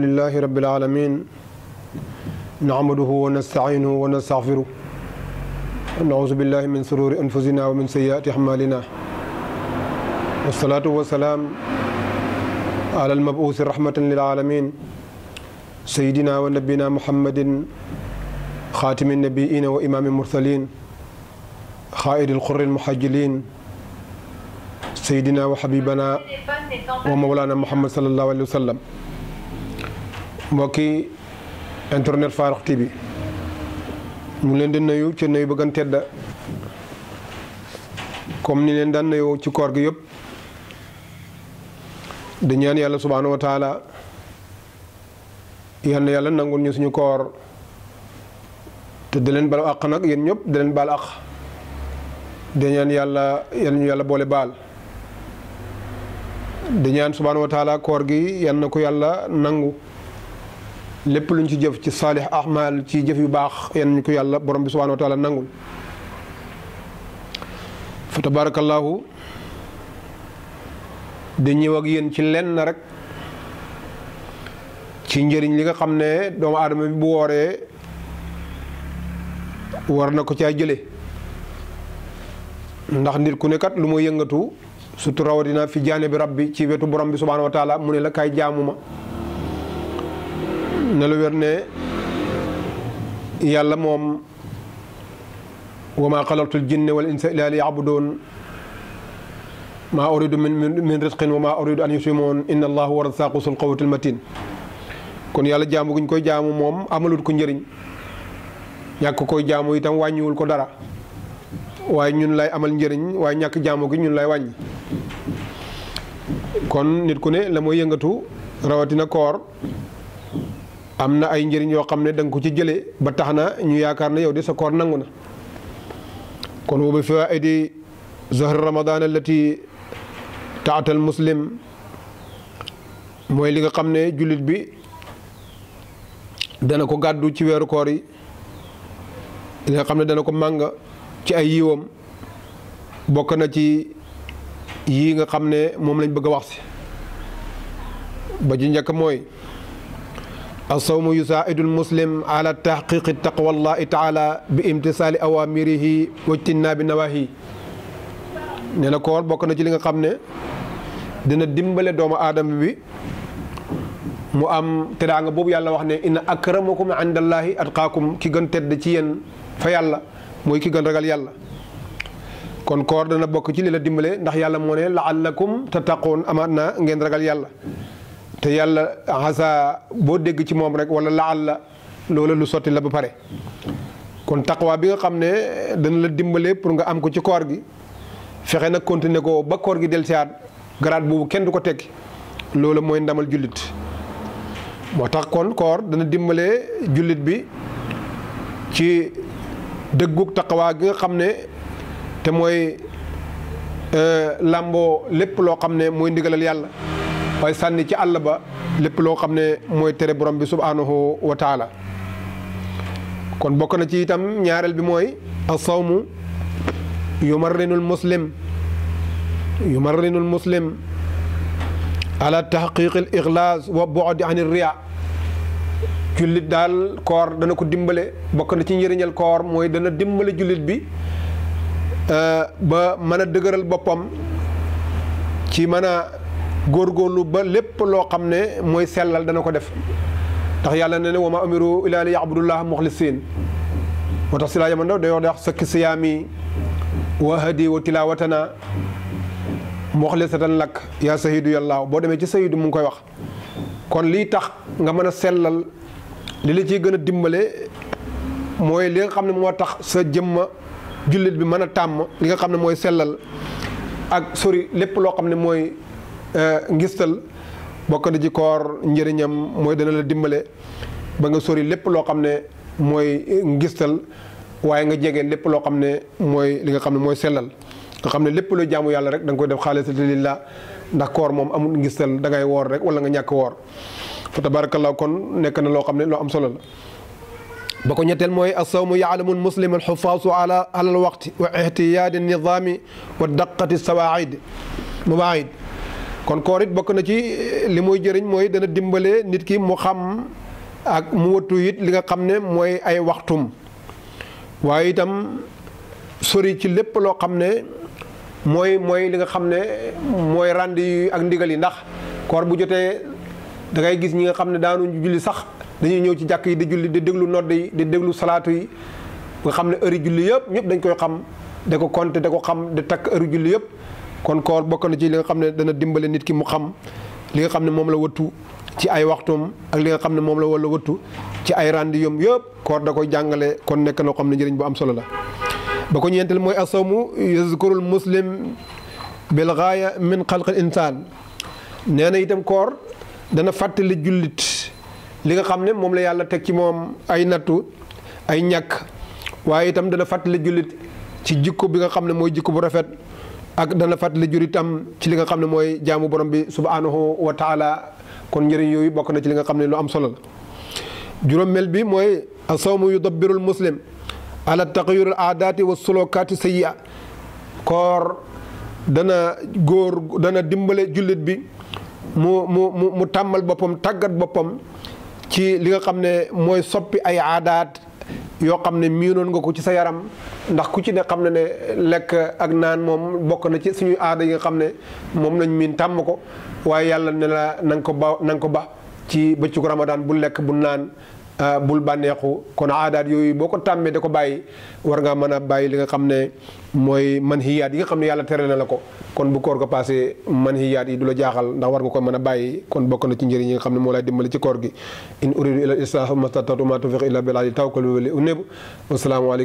لله رب العالمين نعمده ونستعينه ونستغفره نعوذ بالله من سرور أنفسنا ومن سيئات أعمالنا والصلاة والسلام على المبعوث رحمة للعالمين سيدنا ونبينا محمد خاتم النبيين وإمام المرسلين خائر القر المحجلين سيدنا وحبيبنا ومولانا محمد صلى الله عليه وسلم mbokki internet Farokh TV mu leen di nayu ci nuyu bëggan tedda comme ni leen daan nuyoo ci koor gi yëpp di ñaan yàlla subhaanahu wa taala yàlla nangu ñu suñu koor te di leen baal àq nag yéen ñëpp di leen baal àq di ñaan yàlla yal yàlla boole baal di ñaan subhaanahu wa taala gi yal na ko yàlla nangu lépp luñ ci jëf ci saalix ahmal ci jëf yu baax yan ñu ko yàlla borom bi subhaanahu wa taala nangul fa tabaarakallaahu di ñëw ak ci lenn rek ci njëriñ li nga xam ne doomu aadama bi bu wooree war na ko caa jële ndax nit ku nekkat lu muy yëngatu surtout rawadina fi jaane bi rab bi ci wetu borom bi subhaanahu wa taala mu ne la kaay jaamu na lu wér ne yàlla moom wa maa xalaqtul jinne wal insa illaa liya'buduun maa uridu min min rizqin wa maa uridu an yutimoon inna allahu wa razaqu sul qawatil matin kon yàlla jaamu koy jaamu moom amalut ko njëriñ ñàkk koy jaamu itam wàññiwul ko dara waaye ñun lay amal njëriñ waaye ñàkk jaamu gi ñun lay wàññi kon nit ku ne la mooy yëngatu rawatina koor am na ay njëriñ yoo xam ne da ko ci jëlee ba tax na ñu yaakaar ne yow de sa koor nangu na kon wa bi fawaa'idi zahri ramadan allati taatal muslim mooy li nga xam ne jullit bi dana ko gàddu ci weeru koor yi li nga xam ne dana ko màng ci ay yiwam bokk na ci yii nga xam ne moom lañ bëgg a wax si ba ci njëkk mooy alsawmu yusaaidu almuslim ala tahqiqi taqwa allahi taala bi imtisaali awamirihi wa ijtinaabi nawahi nee koor bokk na ci li nga xam ne dina dimbale doomu aadama bi mu am teraanga boobu yàlla wax ne inna akramakum indallahi atqaakum ki gën tedd ci yéen fa yàlla mooy ki gën ragal yàlla kon koor dana bokk ci li dimbale ndax yàlla moo ne laallakum taqoon amaat na ngeen ragal yàlla te yàlla xasa boo dégg ci moom rek wala laal la loola lu sotti la ba pare kon taqwa bi nga xam ne dana la dimbale pour nga am ko ci koor gi fexe nag continuer ko ba koor gi del siaat garaat boobu kenn du ko tekki loola mooy ndamal jullit moo tax kon koor dana dimbale jullit bi ci dëggug taqwa gi nga xam ne te mooy euh, làmboo lépp loo xam ne mooy ndigalal yàlla waaye sànni ci àll ba lépp loo xam ne mooy tere borom bi subhaanahu wa taala kon bokk na ci itam ñaareel bi mooy asawmu yumarrinul muslim yumarrinul muslim ala tahqiq al ixlaas wa bu'd an riya jullit daal koor dana ko dimbale bokk na ci njëriñal koor mooy dana dimbale jullit bi euh, ba mën a dëgëral boppam ci mën góor góorgóorlu ba lépp loo xam ne mooy sellal dana ko def ndax yàlla ne ne wa ma umiru illa li yabudullah muxlisin moo tax si laa yaman daw day wax day wax sëkki siyaami wa hadi wa tilawatana muxlisatan lak ya sahidu yàllaaw boo demee ci sahidu mu koy wax kon lii tax nga mën a sellal li la ciy gën a dimbale mooy li xam ne moo tax sa jëmma jullit bi mën a tàmm li nga xam ne mooy sellal ak sori lépp loo xam ne mooy Eh, ngistal bokk na koor njëriñam mooy dana la dimbale ba nga sori lépp loo xam ne mooy ngistal waaye nga jege lépp loo xam ne mooy li nga xam ne mooy sellal nga xam ne lépp lu jaamu yàlla rek danga nga koy def xaalisati lillah ndax koor moom amul ngistal da ngay woor rek wala nga ñàkk woor fa tabarakallah kon nekk na loo xam ne loo am solo la ba ko ñetteel mooy assawmu yaalamu muslim alxufaasu ala alal waqti wa ihtiyaadi nizaami wa daqati sawaid mawaaid kon koor it bokk na ci li mooy jëriñ mooy dana dimbale nit ki mu xam ak mu wattu it li nga xam ne mooy ay waxtum waaye itam sori ci lépp loo xam ne mooy mooy li nga xam ne mooy rànd yi ak ndigal yi ndax koor bu jotee dangay gis ñi nga xam ne daanuñu julli sax dañuy ñëw ci jàkk yi di julli di déglu nodd yi di déglu salaatu yi nga xam ne heure julli yëpp ñëpp dañ koy xam da ko compter da ko xam di takk heure julli yëpp kon koor bokk na ci li nga xam ne dana dimbale nit ki mu xam li nga xam ne moom la wëttu ci ay waxtum ak li nga xam ne moom la walla wëttu ci ay rànd yom yëpp koor da koy jàngale kon nekk loo xam ne njëriñ bu am solo la ba ko ñeenteel mooy asawmu yazkurul muslim bil gaaya min xalqil insaan nee na itam koor dana fàttali jullit li nga xam ne moom la yàlla teg ci moom ay nattu ay ñàkk waaye itam dana fàttali jullit ci jikko bi nga xam ne mooy jikko bu rafet ak dana fàttali jur itam ci li nga xam ne mooy jaamu borom bi subhaanahu wa kon njëriñ yooyu bokk na ci li nga xam ne lu am solo la juróom-mel bi mooy asawmu yudabbirul muslim ala taqyirul aadaati wa sulukaati sayyi'a koor dana góor dana dimbale jullit bi mu mu mu mu tàmmal boppam tàggat boppam ci li nga xam ne mooy soppi ay aadaat yoo xam ne miinoon nga ko ci sa yaram ndax ku ci ne xam ne ne lekk ak naan moom bokk na ci suñu aada yi nga xam ne moom lañ miin tàmm ko waaye yàlla ne la na nga ko ba na ko ba ci bëccëgu ramadaan bu lekk bu naan bul bànneexu kon aadaat yooyu boo ko tàmmee da ko bàyyi war ngaa mën a bàyyi li nga xam ne mooy man hiyaat yi nga xam ne yàlla tere na la ko kon bu koor ga passé man hiyaat yi du la jaaxal ndax war nga ko mën a bàyyi kon bokk na ci njëriñ yi nga xam ne moo lay dimbali ci koor gi in uridu ila islah mastatatu ma tawfiq illa billahi tawakkaltu wa alayhi unib wassalaamu aleykum